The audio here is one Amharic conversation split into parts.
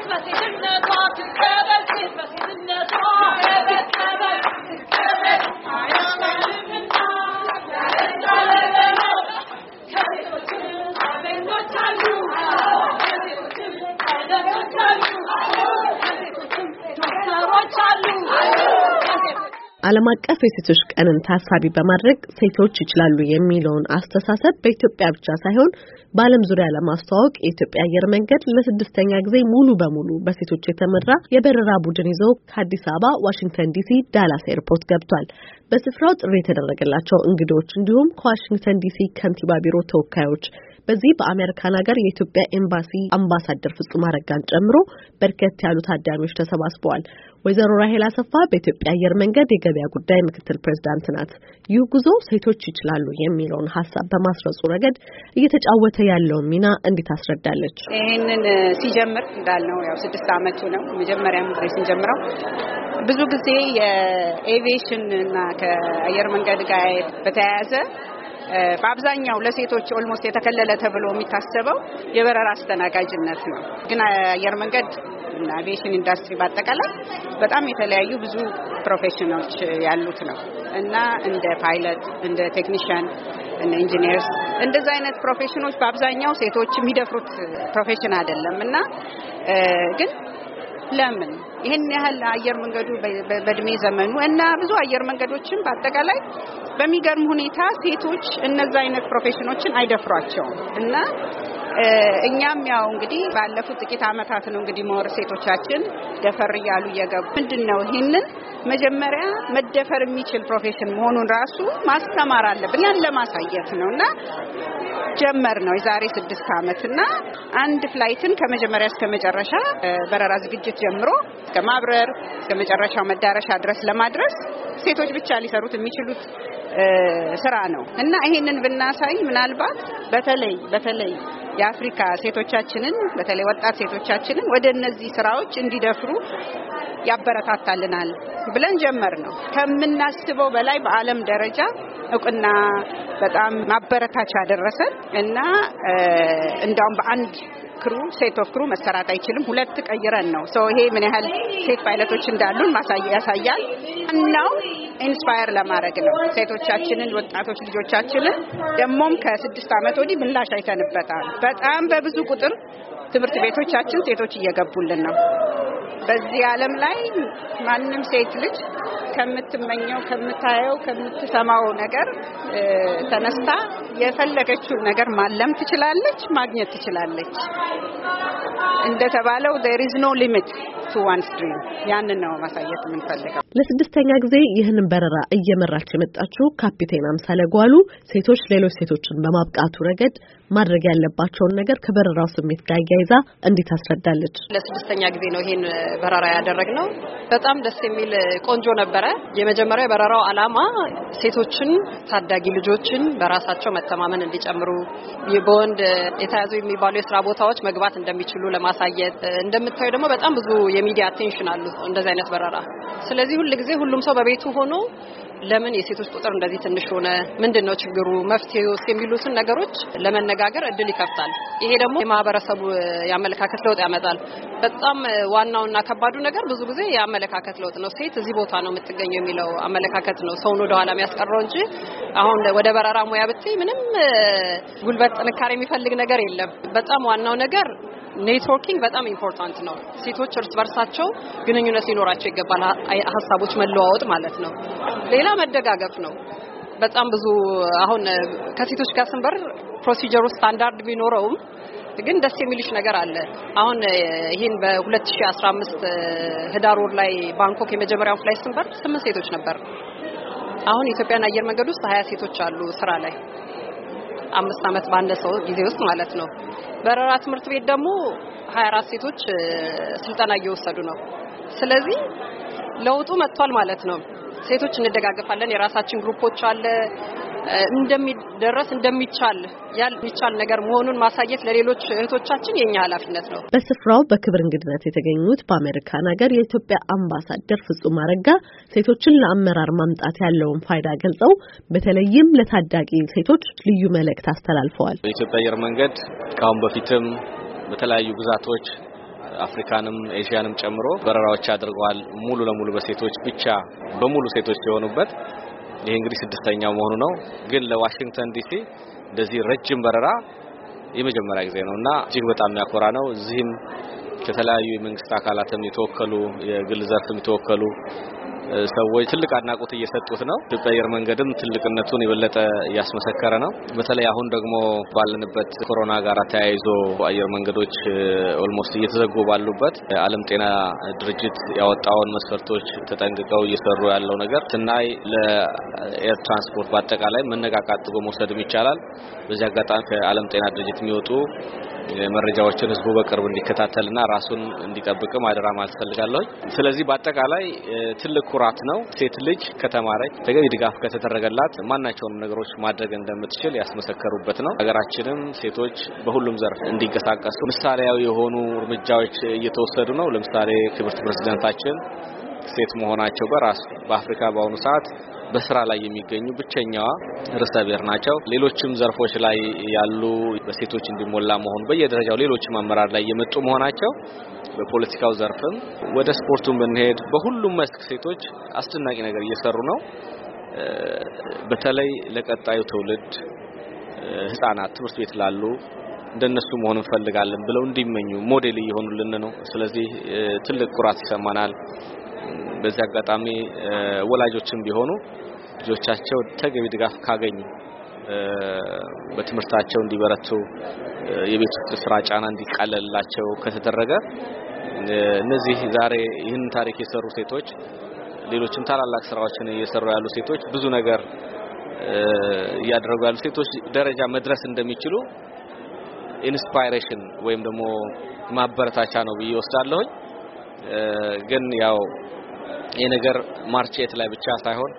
Christmas. They shouldn't know ዓለም አቀፍ የሴቶች ቀንን ታሳቢ በማድረግ ሴቶች ይችላሉ የሚለውን አስተሳሰብ በኢትዮጵያ ብቻ ሳይሆን በዓለም ዙሪያ ለማስተዋወቅ የኢትዮጵያ አየር መንገድ ለስድስተኛ ጊዜ ሙሉ በሙሉ በሴቶች የተመራ የበረራ ቡድን ይዞ ከአዲስ አበባ፣ ዋሽንግተን ዲሲ፣ ዳላስ ኤርፖርት ገብቷል። በስፍራው ጥሪ የተደረገላቸው እንግዶች እንዲሁም ከዋሽንግተን ዲሲ ከንቲባ ቢሮ ተወካዮች በዚህ በአሜሪካን ሀገር የኢትዮጵያ ኤምባሲ አምባሳደር ፍጹም አረጋን ጨምሮ በርከት ያሉ ታዳሚዎች ተሰባስበዋል። ወይዘሮ ራሄል አሰፋ በኢትዮጵያ አየር መንገድ የገበያ ጉዳይ ምክትል ፕሬዝዳንት ናት። ይህ ጉዞ ሴቶች ይችላሉ የሚለውን ሀሳብ በማስረጹ ረገድ እየተጫወተ ያለውን ሚና እንዴት አስረዳለች። ይህንን ሲጀምር እንዳልነው ያው ስድስት አመቱ ነው። መጀመሪያም ጊዜ ስንጀምረው ብዙ ጊዜ የኤቪዬሽን እና ከአየር መንገድ ጋር በተያያዘ በአብዛኛው ለሴቶች ኦልሞስት የተከለለ ተብሎ የሚታሰበው የበረራ አስተናጋጅነት ነው። ግን አየር መንገድ እና አቪዬሽን ኢንዱስትሪ በአጠቃላይ በጣም የተለያዩ ብዙ ፕሮፌሽኖች ያሉት ነው እና እንደ ፓይለት፣ እንደ ቴክኒሽያን፣ እንደ ኢንጂነርስ እንደዛ አይነት ፕሮፌሽኖች በአብዛኛው ሴቶች የሚደፍሩት ፕሮፌሽን አይደለም እና ግን ለምን ይህን ያህል አየር መንገዱ በእድሜ ዘመኑ እና ብዙ አየር መንገዶችን በአጠቃላይ በሚገርም ሁኔታ ሴቶች እነዛ አይነት ፕሮፌሽኖችን አይደፍሯቸውም እና እኛም ያው እንግዲህ ባለፉት ጥቂት ዓመታት ነው እንግዲህ መወር ሴቶቻችን ደፈር እያሉ እየገቡ ምንድን ነው ይህንን መጀመሪያ መደፈር የሚችል ፕሮፌሽን መሆኑን ራሱ ማስተማር አለብን ለማሳየት ነው እና ጀመር ነው የዛሬ ስድስት ዓመት እና አንድ ፍላይትን ከመጀመሪያ እስከ መጨረሻ በረራ ዝግጅት ጀምሮ እስከ ማብረር እስከ መጨረሻው መዳረሻ ድረስ ለማድረስ ሴቶች ብቻ ሊሰሩት የሚችሉት ስራ ነው እና ይሄንን ብናሳይ ምናልባት በተለይ በተለይ የአፍሪካ ሴቶቻችንን በተለይ ወጣት ሴቶቻችንን ወደ እነዚህ ስራዎች እንዲደፍሩ ያበረታታልናል ብለን ጀመር ነው። ከምናስበው በላይ በዓለም ደረጃ እውቅና በጣም ማበረታቻ ደረሰን እና እንዳውም በአንድ ክሩ ሴት ኦፍ ክሩ መሰራት አይችልም። ሁለት ቀይረን ነው ሰው ይሄ ምን ያህል ሴት ፓይለቶች እንዳሉን ያሳያል። እናው ኢንስፓየር ለማድረግ ነው ሴቶቻችንን፣ ወጣቶች ልጆቻችንን ደግሞም ከስድስት ዓመት ወዲህ ምላሽ አይተንበታል። በጣም በብዙ ቁጥር ትምህርት ቤቶቻችን ሴቶች እየገቡልን ነው። በዚህ ዓለም ላይ ማንም ሴት ልጅ ከምትመኘው፣ ከምታየው፣ ከምትሰማው ነገር ተነስታ የፈለገችውን ነገር ማለም ትችላለች፣ ማግኘት ትችላለች። እንደተባለው there is no limit to one stream ያንን ነው ማሳየት የምንፈልገው። ለስድስተኛ ጊዜ ይህንን በረራ እየመራች የመጣችው ካፒቴን አምሳለ ጓሉ ሴቶች ሌሎች ሴቶችን በማብቃቱ ረገድ ማድረግ ያለባቸውን ነገር ከበረራው ስሜት ጋር እያይዛ እንዴት አስረዳለች ለስድስተኛ ጊዜ ነው ይሄን በረራ ያደረግነው። በጣም ደስ የሚል ቆንጆ ነበር። ነበረ። የመጀመሪያ የበረራው ዓላማ ሴቶችን፣ ታዳጊ ልጆችን በራሳቸው መተማመን እንዲጨምሩ በወንድ የተያዙ የሚባሉ የስራ ቦታዎች መግባት እንደሚችሉ ለማሳየት እንደምታዩ ደግሞ በጣም ብዙ የሚዲያ አቴንሽን አሉ እንደዚህ አይነት በረራ። ስለዚህ ሁልጊዜ ሁሉም ሰው በቤቱ ሆኖ ለምን የሴቶች ቁጥር እንደዚህ ትንሽ ሆነ፣ ምንድን ነው ችግሩ፣ መፍትሄ ውስጥ የሚሉትን ነገሮች ለመነጋገር እድል ይከፍታል። ይሄ ደግሞ የማህበረሰቡ የአመለካከት ለውጥ ያመጣል። በጣም ዋናውና ከባዱ ነገር ብዙ ጊዜ የአመለካከት ለውጥ ነው። ሴት እዚህ ቦታ ነው የምትገኘው የሚለው አመለካከት ነው ሰውን ወደ ኋላ የሚያስቀረው እንጂ አሁን ወደ በረራ ሙያ ብትይ ምንም ጉልበት ጥንካሬ የሚፈልግ ነገር የለም። በጣም ዋናው ነገር ኔትወርኪንግ በጣም ኢምፖርታንት ነው። ሴቶች እርስ በርሳቸው ግንኙነት ሊኖራቸው ይገባል፣ ሀሳቦች መለዋወጥ ማለት ነው። ሌላ መደጋገፍ ነው። በጣም ብዙ አሁን ከሴቶች ጋር ስንበር ፕሮሲጀሩ ስታንዳርድ ቢኖረውም ግን ደስ የሚልሽ ነገር አለ። አሁን ይህን በ2015 ህዳር ወር ላይ ባንኮክ የመጀመሪያውን ፍላይት ስንበር ስምንት ሴቶች ነበር። አሁን ኢትዮጵያን አየር መንገድ ውስጥ ሀያ ሴቶች አሉ ስራ ላይ አምስት ዓመት ባነሰው ጊዜ ውስጥ ማለት ነው። በረራ ትምህርት ቤት ደግሞ 24 ሴቶች ስልጠና እየወሰዱ ነው። ስለዚህ ለውጡ መጥቷል ማለት ነው። ሴቶች እንደጋገፋለን። የራሳችን ግሩፖች አለ። እንደሚደረስ እንደሚቻል የሚቻል ነገር መሆኑን ማሳየት ለሌሎች እህቶቻችን የኛ ኃላፊነት ነው። በስፍራው በክብር እንግድነት የተገኙት በአሜሪካን ሀገር የኢትዮጵያ አምባሳደር ፍጹም አረጋ ሴቶችን ለአመራር ማምጣት ያለውን ፋይዳ ገልጸው በተለይም ለታዳጊ ሴቶች ልዩ መልእክት አስተላልፈዋል። በኢትዮጵያ አየር መንገድ ከአሁን በፊትም በተለያዩ ግዛቶች አፍሪካንም ኤዥያንም ጨምሮ በረራዎች አድርገዋል። ሙሉ ለሙሉ በሴቶች ብቻ በሙሉ ሴቶች የሆኑበት ይሄ እንግዲህ ስድስተኛው መሆኑ ነው። ግን ለዋሽንግተን ዲሲ እንደዚህ ረጅም በረራ የመጀመሪያ ጊዜ ነው እና እጅግ በጣም የሚያኮራ ነው። እዚህም ከተለያዩ የመንግስት አካላትም የተወከሉ የግል ዘርፍም የተወከሉ ሰዎች ትልቅ አድናቆት እየሰጡት ነው። ኢትዮጵያ አየር መንገድም ትልቅነቱን የበለጠ እያስመሰከረ ነው። በተለይ አሁን ደግሞ ባለንበት ኮሮና ጋር ተያይዞ አየር መንገዶች ኦልሞስት እየተዘጉ ባሉበት ዓለም ጤና ድርጅት ያወጣውን መስፈርቶች ተጠንቅቀው እየሰሩ ያለው ነገር ስናይ ለኤር ትራንስፖርት በአጠቃላይ መነቃቃት መውሰድም ይቻላል። በዚህ አጋጣሚ ከዓለም ጤና ድርጅት የሚወጡ መረጃዎችን ህዝቡ በቅርብ እንዲከታተልና ራሱን እንዲጠብቅም አደራ ማለት ፈልጋለሁ። ስለዚህ በአጠቃላይ ትልቅ ኩራት ነው። ሴት ልጅ ከተማረች ተገቢ ድጋፍ ከተደረገላት ማናቸውንም ነገሮች ማድረግ እንደምትችል ያስመሰከሩበት ነው። ሀገራችንም ሴቶች በሁሉም ዘርፍ እንዲንቀሳቀሱ ምሳሌያዊ የሆኑ እርምጃዎች እየተወሰዱ ነው። ለምሳሌ ክብርት ፕሬዚደንታችን ሴት መሆናቸው በራሱ በአፍሪካ በአሁኑ ሰዓት በስራ ላይ የሚገኙ ብቸኛዋ ርዕሰ ብሔር ናቸው። ሌሎችም ዘርፎች ላይ ያሉ በሴቶች እንዲሞላ መሆኑ በየደረጃው ሌሎችም አመራር ላይ የመጡ መሆናቸው በፖለቲካው ዘርፍም ወደ ስፖርቱን ብንሄድ በሁሉም መስክ ሴቶች አስደናቂ ነገር እየሰሩ ነው። በተለይ ለቀጣዩ ትውልድ ህጻናት ትምህርት ቤት ላሉ እንደነሱ መሆን እንፈልጋለን ብለው እንዲመኙ ሞዴል እየሆኑልን ነው። ስለዚህ ትልቅ ኩራት ይሰማናል። በዚህ አጋጣሚ ወላጆችም ቢሆኑ ልጆቻቸው ተገቢ ድጋፍ ካገኙ በትምህርታቸው እንዲበረቱ የቤት ውስጥ ስራ ጫና እንዲቃለልላቸው ከተደረገ እነዚህ ዛሬ ይህን ታሪክ የሰሩ ሴቶች፣ ሌሎችም ታላላቅ ስራዎችን እየሰሩ ያሉ ሴቶች፣ ብዙ ነገር እያደረጉ ያሉ ሴቶች ደረጃ መድረስ እንደሚችሉ ኢንስፓይሬሽን ወይም ደግሞ ማበረታቻ ነው ብዬ ወስዳለሁኝ። ግን ያው ይህ ነገር ማርቼት ላይ ብቻ ሳይሆን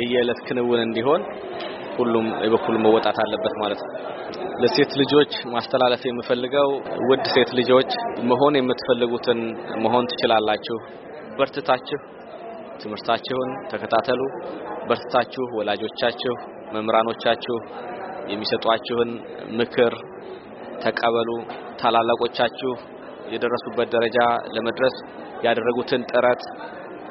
የየዕለት ክንውን እንዲሆን ሁሉም የበኩሉ መወጣት አለበት ማለት ነው። ለሴት ልጆች ማስተላለፍ የምፈልገው ውድ ሴት ልጆች መሆን የምትፈልጉትን መሆን ትችላላችሁ። በርትታችሁ ትምህርታችሁን ተከታተሉ። በርትታችሁ ወላጆቻችሁ፣ መምህራኖቻችሁ የሚሰጧችሁን ምክር ተቀበሉ። ታላላቆቻችሁ የደረሱበት ደረጃ ለመድረስ ያደረጉትን ጥረት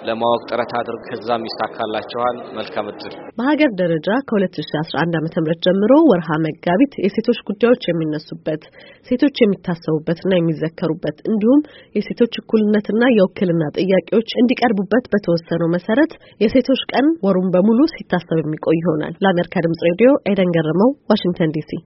ለማወቅ ጥረት አድርግ፣ ከዛም ይሳካላችኋል። መልካም እድል። በሀገር ደረጃ ከ2011 ዓ ም ጀምሮ ወርሃ መጋቢት የሴቶች ጉዳዮች የሚነሱበት ሴቶች የሚታሰቡበትና የሚዘከሩበት እንዲሁም የሴቶች እኩልነትና የውክልና ጥያቄዎች እንዲቀርቡበት በተወሰነው መሰረት የሴቶች ቀን ወሩን በሙሉ ሲታሰብ የሚቆይ ይሆናል። ለአሜሪካ ድምጽ ሬዲዮ ኤደን ገረመው፣ ዋሽንግተን ዲሲ